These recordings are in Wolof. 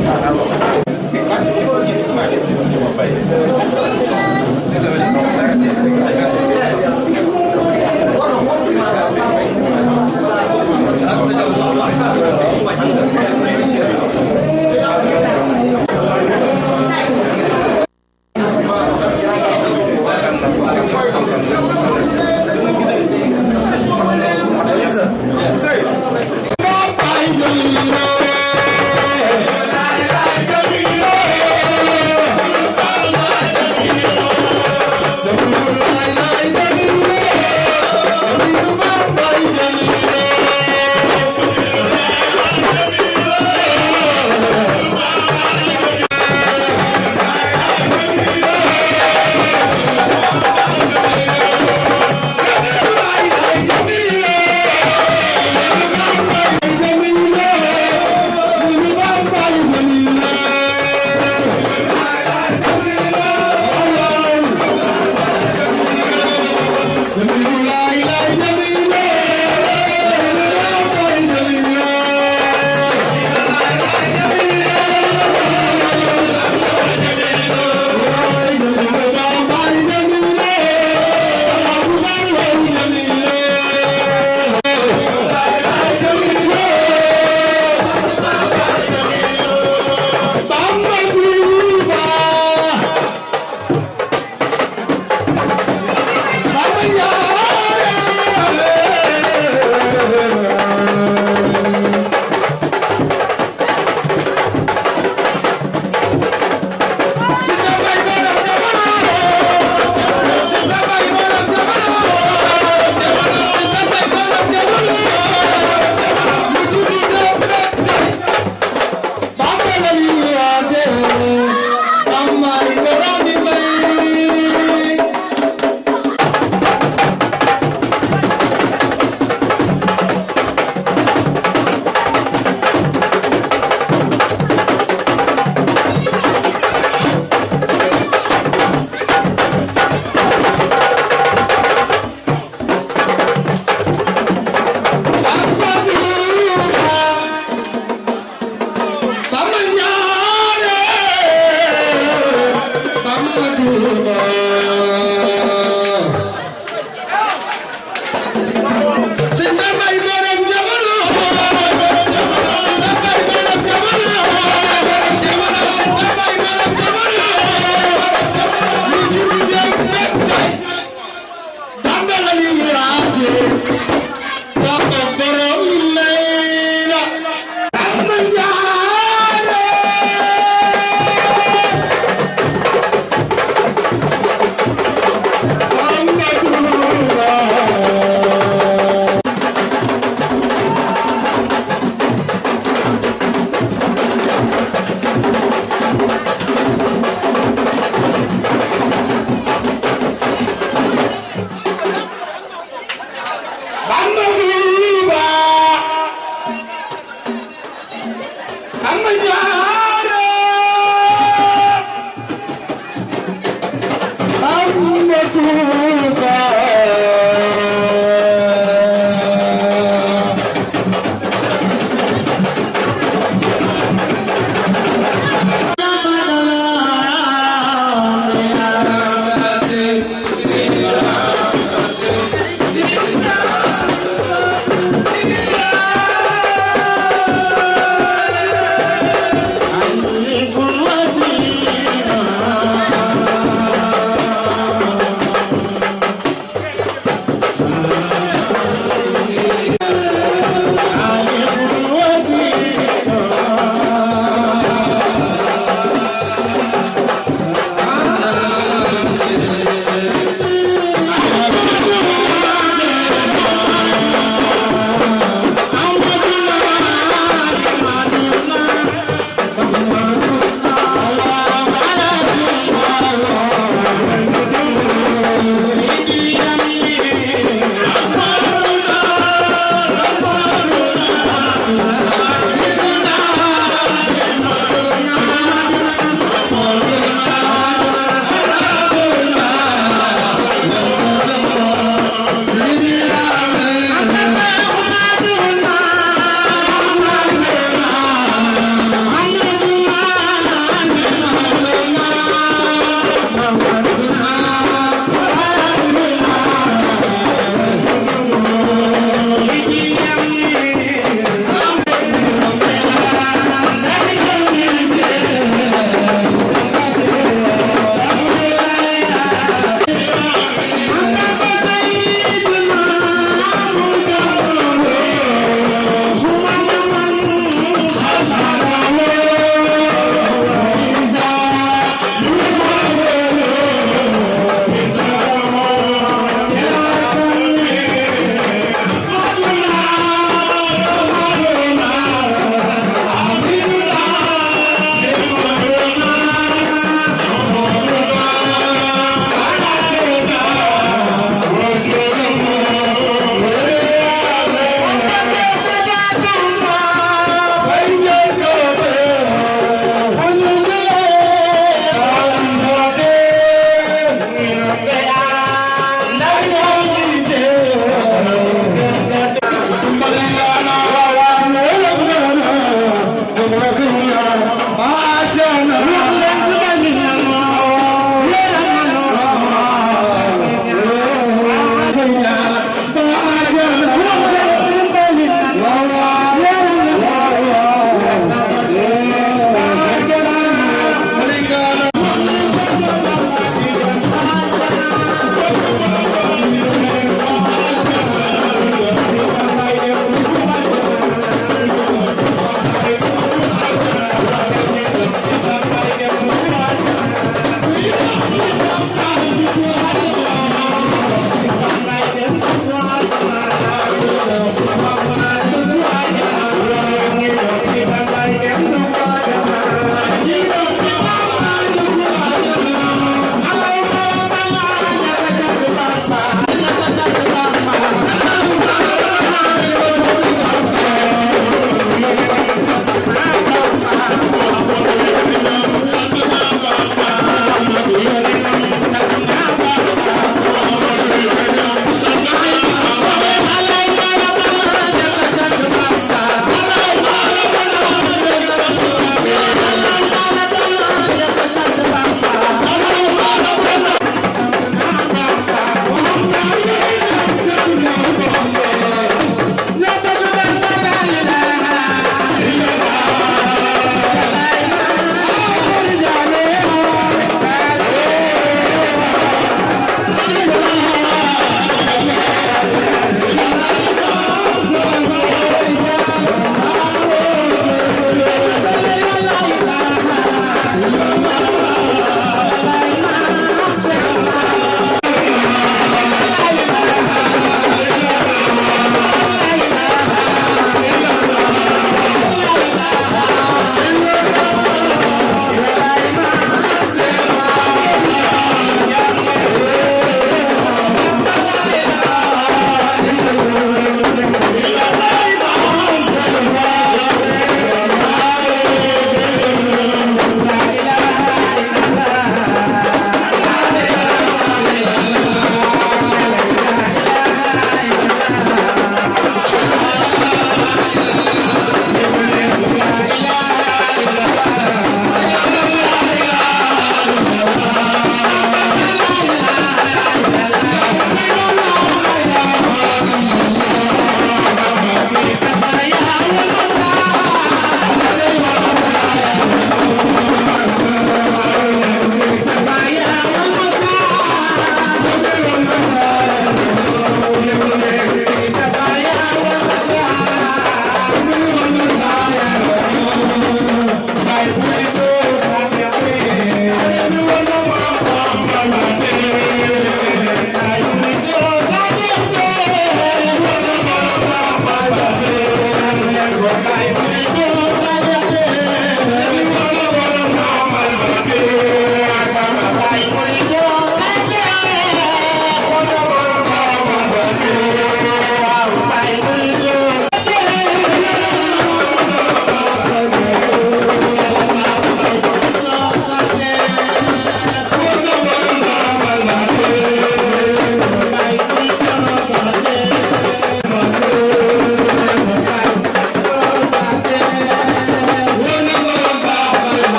Gracias.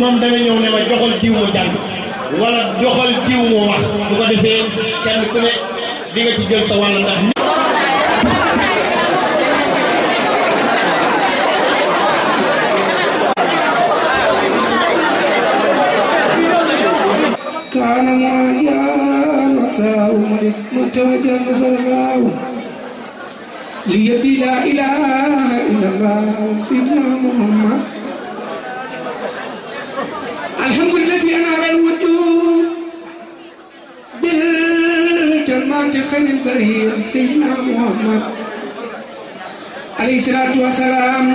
moom dana ñëw ne ma joxal diw mu jàng wala joxal diw mu wax bu ko defee kenn ku ne di nga ci jël sa wàll ndax. كان معيان عساه ملك متوجا مسلماه ليبي لا اله الا الله سيدنا محمد خير البرية سيدنا محمد عليه الصلاة والسلام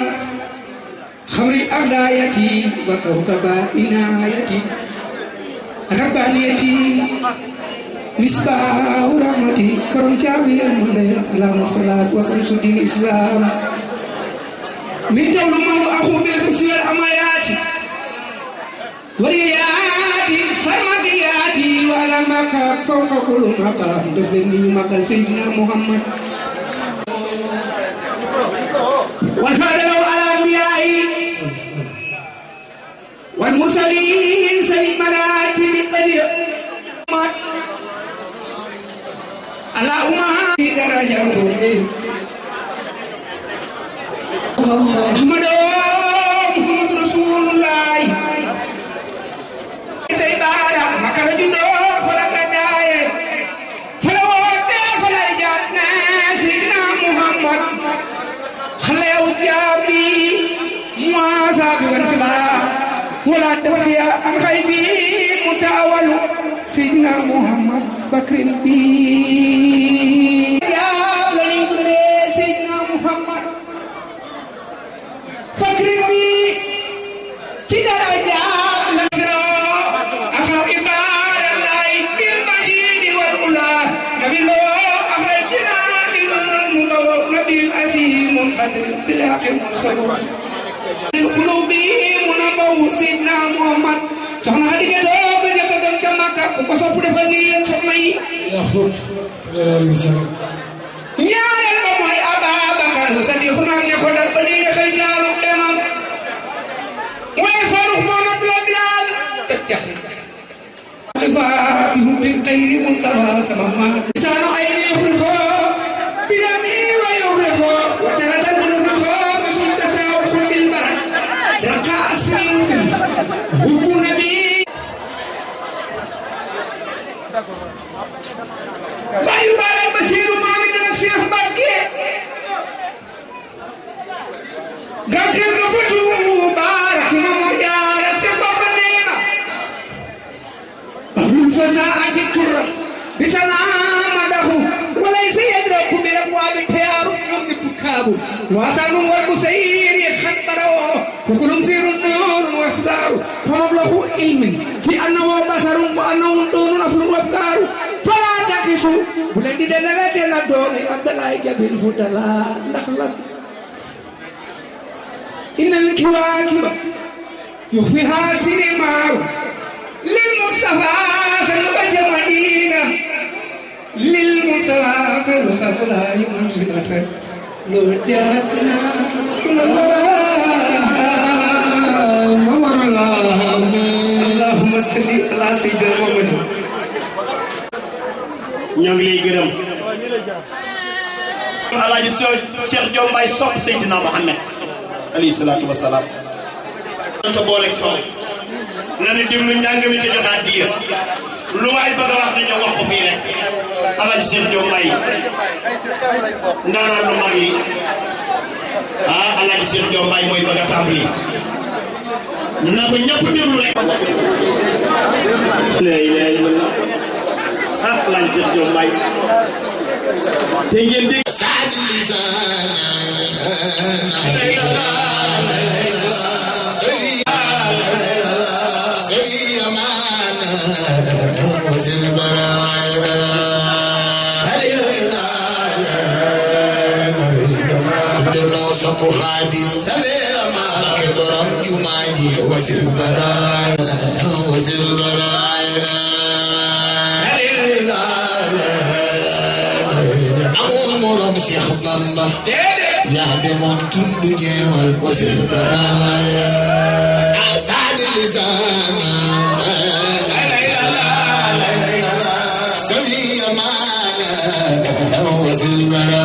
خمر أغنايتي وكوكب إنايتي ربانيتي مصباح رحمتي كرم جامي المدير على الصلاة وسلم سدين الإسلام من دون ما أخو بالحسن الأمايات وريا Kau kau Dufi ni maka Sayyidina Muhammad Wa sallallahu ala anbiya'i Wa musallin sayyid marati Allahumma di darajatuhi قلبي معاذ وانسبا ولا تفي عن خيفي متاول سيدنا محمد فكر بي kenn mënu solo xulubi mu na baw sidna Muhammad soxna Xadiga loo ko njëkk a doon ca Màkka ku ko sopp defal nii leen soxna yi ñaareel ba mooy Ababakar sadiq naa ne ko dar ba nii dafay jaaru demal mooy Faruq Muhammad la daal te jax xifa bi xayri Mustafa sama maam aku Luasa nung aku seiri Khat padawa Kukulung sirun Nung oh, aku sedaru Fama belaku ilmin Fi anna wa basarung Fa anna untunun Aflung wa fkaru Fala ada kisu Bila di dalaga lah, Dia nak dong Abdallah Ika bin futala Nak lak Inna nikiwa akiba Yufiha sinimaru Lil Mustafa Sallaka Madinah Lil Mustafa Kalau tak pula Yang harus لو جاتنا كل ورا ما ورا اللهم صل على سيدنا محمد ñoo ngi lay gërëm alaaji so Cheikh Diombay sopp Seydina Mohamed alayhi salaatu wasalaam te boole coow na nu déglu njàng mi ci joxaat diir lu waay bëgg a wax dañoo wax ko fii rek alaji sen jom ay ndaanaan lu mag li ah alaji sen jom ay mooy bëgg a tàmbali na ko ñëpp déglu rek lay lay ah alaji sen jom ay te ngeen dégg saadi lisaan ko hadim samera ma ke borom jumaji wasil baray wasil baray amul morom cheikh bamba yaade mon tundu jewal wasil baray asad lisana سوي أمانة وزل براء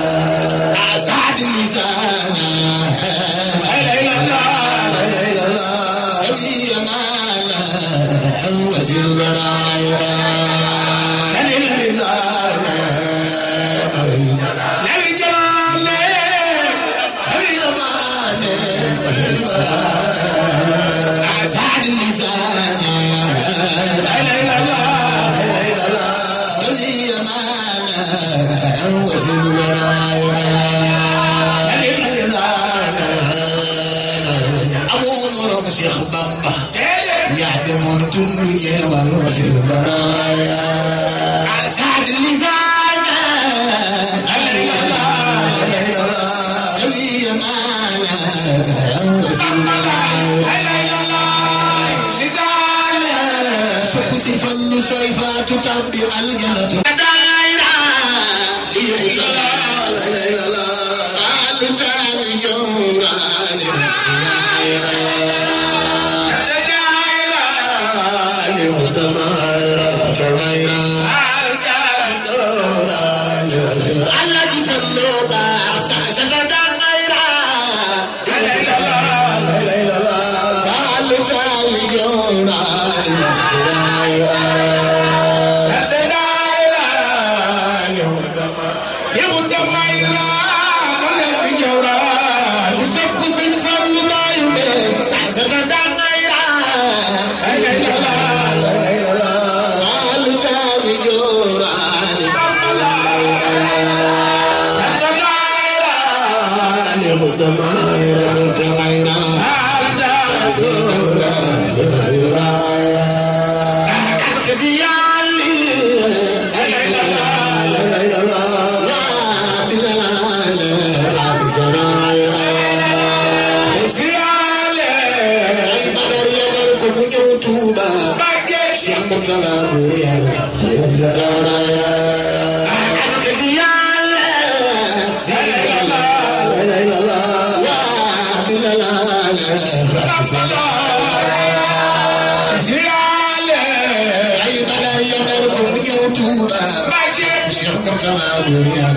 Yeah.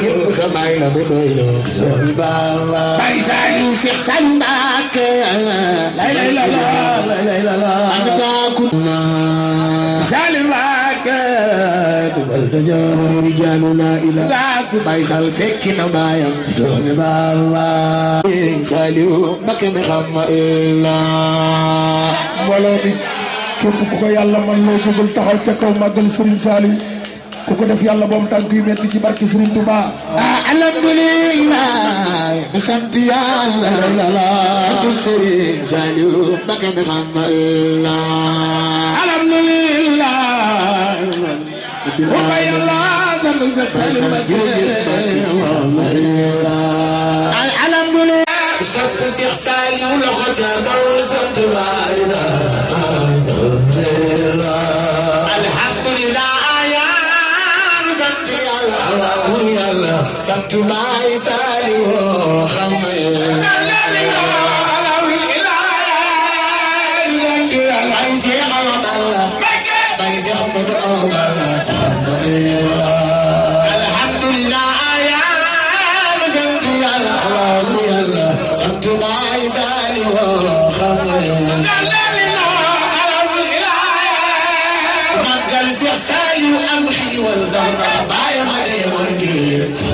yow samay la bu doy loo. yow baba. bay sañu Seex Sañ Mbàkke. lay lay la la lay la la. ak kaaku. Saali Mbàkke. dugal dañoo. moom rijaanu laa ila. kaaku bay sal fekki na baayam. yow baba. Saaliw Mbàkke mi xam ma illaa. mbooloo bi képp ku ko yàlla man loo bëgg taxaw ca kaw màggal Sëriñ Saaliw. ku ko def yàlla boom tànk yu metti ci barke Serigne Touba alhamdulillah bi sant yàlla la la du Serigne Saliou Mbacké mi xam la alhamdulillah wa yàlla sant Saliou Mbacké alhamdulillah sant Cheikh Saliou loxo ca kaw sant Baye alhamdulillah sant maay Saliou xam nga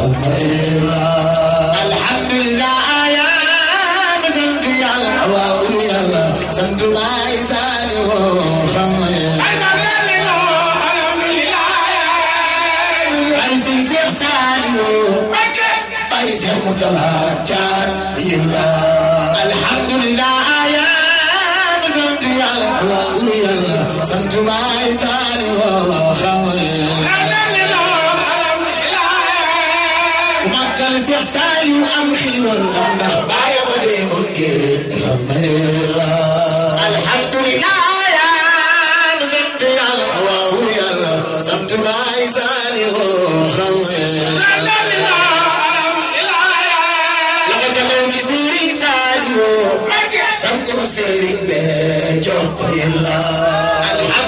الطيبة الحمد لله يا بسمت يلا واو يلا سمت ما يساني وخمي الحمد لله يا بسمت يلا واو يلا سمت ما يساني cheikh saliou am xiiwal ndax bàyyi ma dee mun géej alhamdulillah alhamdulillah yaa nu sant yàlla waaw yàlla sant baay saliou xam sant Serigne Béthio yàlla alhamdulillah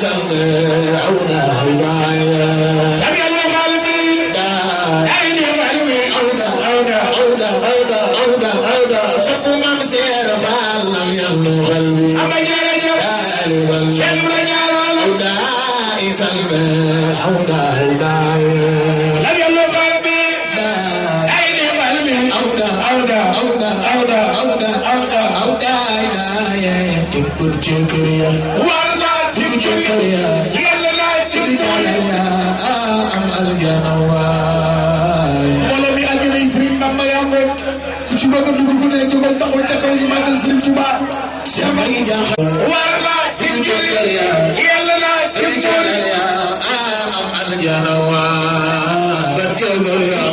سمعونا هدايا لقل قلبي عيني وقلبي عودة عودة عودة yàlla naa ci tool am aljana wa barkeel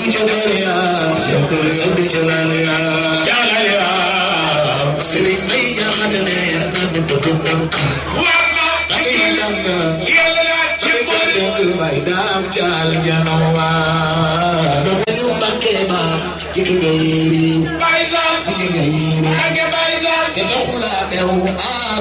ci tool ya barkeel ci laal ya jaala ya sëriñ bay jaxate ne naan tukki ndànk war na ak ndànk yàlla naa ci tool bay daam ci aljana wa dañu mbàkke ba ci ngay riiw bay sa ci ngay riiw ak bay sa te taxula dew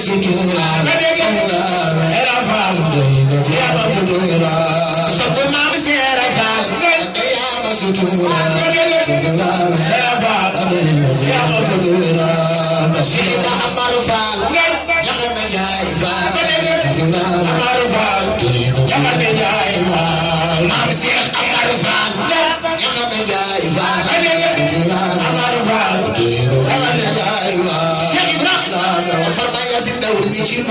sutura rafaal doy na yaama sutura. sa ko maam see rafaal. yaama sutura.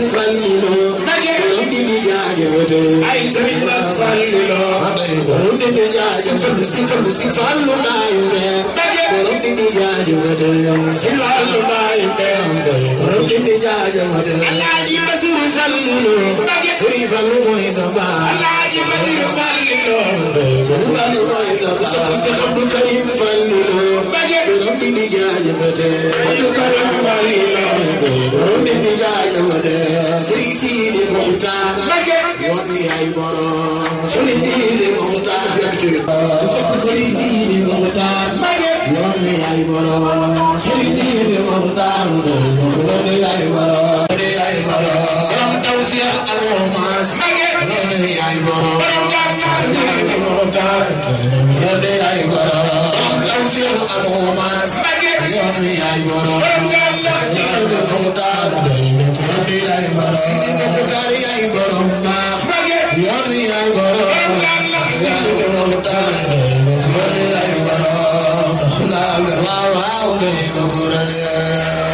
i fal mi loo. borom bi di di di di Fallu loo Sëriñ Fallu mooy sa baay Alaaji Masiru Fallu loo Sëriñ Fallu mooy sa baay Cheikh Abdou Karim Fallu loo borom bi di jaajëfate Abdou Karim Fallu loo borom bi di jaajëfate Sëriñ Sidi Muxtaar yoon bi ay borom Sëriñ Sidi Muxtaar Sëriñ Sidi Muxtaar yoon bi ay borom Sëriñ Sidi Muxtaar yoon bi ay borom dar yerde ay goro law seen amu mas yoonu yaay goro yerde mu dar yerde ay goro sidi mu dar yaay goro ma yoonu yaay goro yerde mu dar yerde ay goro la la la wa wa de goro